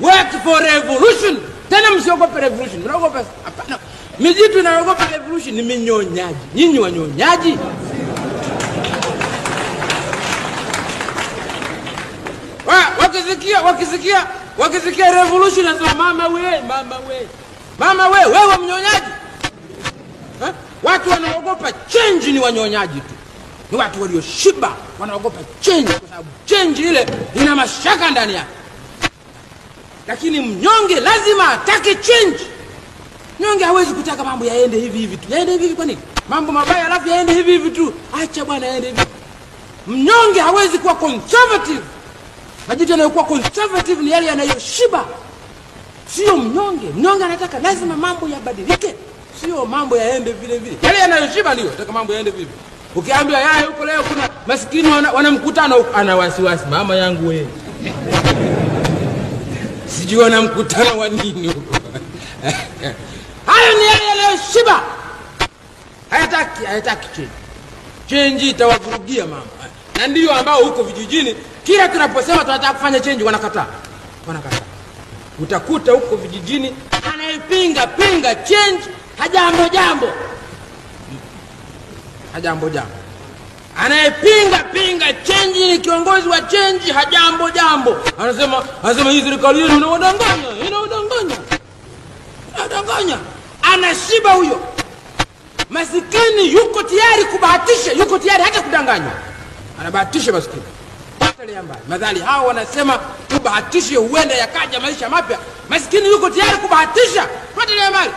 work for revolution. Tena msiogope revolution, mnaogopa hapana. Mijitu inaogopa revolution ni minyonyaji, nyinyi wanyonyaji. Wakisikia wakisikia wakisikia revolution nasema mama we, mama we, mama we, wewe mnyonyaji. Watu wanaogopa change ni wanyonyaji tu, ni watu walioshiba wanaogopa change, kwa sababu change ile ina mashaka ndani yake lakini mnyonge lazima atake change. Mnyonge hawezi kutaka mambo yaende hivi hivi tu, yaende hivi hivi. Kwa nini mambo mabaya alafu yaende hivi hivi tu? Acha bwana, yaende hivi. Mnyonge hawezi kuwa conservative. majitu yanayokuwa conservative ni yale yanayoshiba, sio mnyonge. Mnyonge anataka lazima mambo yabadilike, sio mambo yaende vile vile. Yale yanayoshiba ndio anataka mambo yaende vivi Ukiambiwa yaye huko leo kuna maskini wana, wana mkutano ana wasiwasi, mama yangu wewe sijui wana mkutano wa nini huko. Hayo ni yale yanayoshiba, hayataki hayataki chenji. Chenji itawavurugia mama, na ndiyo ambao huko vijijini kila tunaposema tunataka kufanya chenji wanakataa, wanakataa. Utakuta huko vijijini anayepinga pinga chenji hajambo jambo, hajambo jambo Anayepinga pinga chenji ni kiongozi wa chenji, hajambo jambo. Anasema anasema hii serikali yenu inawadanganya, inawadanganya, inawadanganya. Anashiba huyo masikini, yuko tayari kubahatisha, yuko tayari hata kudanganywa, anabahatisha masikini. Madhali hao wanasema tubahatishe, huenda yakaja maisha mapya. Masikini yuko tayari kubahatisha, patalia mali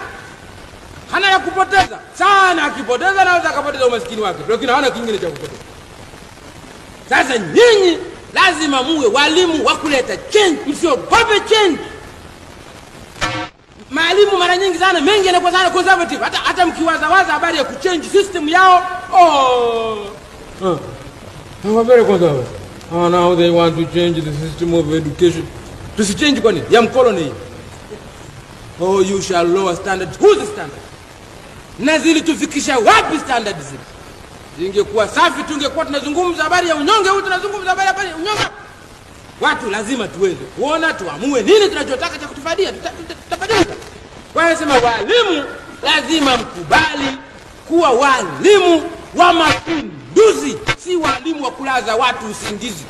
ya kupoteza sana, akipoteza naweza akapoteza umaskini wake, lakini hawana kingine cha kupoteza. Sasa nyinyi lazima muwe walimu wa kuleta change, msiogope change. Maalimu mara nyingi sana mengi yanakuwa sana conservative, hata hata mkiwazawaza habari ya kuchange system yao oh. Huh. Ah. Oh, very conservative. Oh, now they want to change the system of education. Tusichange kwa nini? Ya mkoloni. Oh, you shall lower standards. Who's the standard? na zilitufikisha wapi standard zile? Zingekuwa safi, tungekuwa tunazungumza habari ya unyonge huu, tunazungumza habari ya unyonge. Watu lazima tuweze kuona, tuamue nini tunachotaka cha kutufaidia, tutafadilika. Kwa hiyo sema, walimu lazima mkubali kuwa walimu wa mapinduzi, si walimu wa kulaza watu usingizi.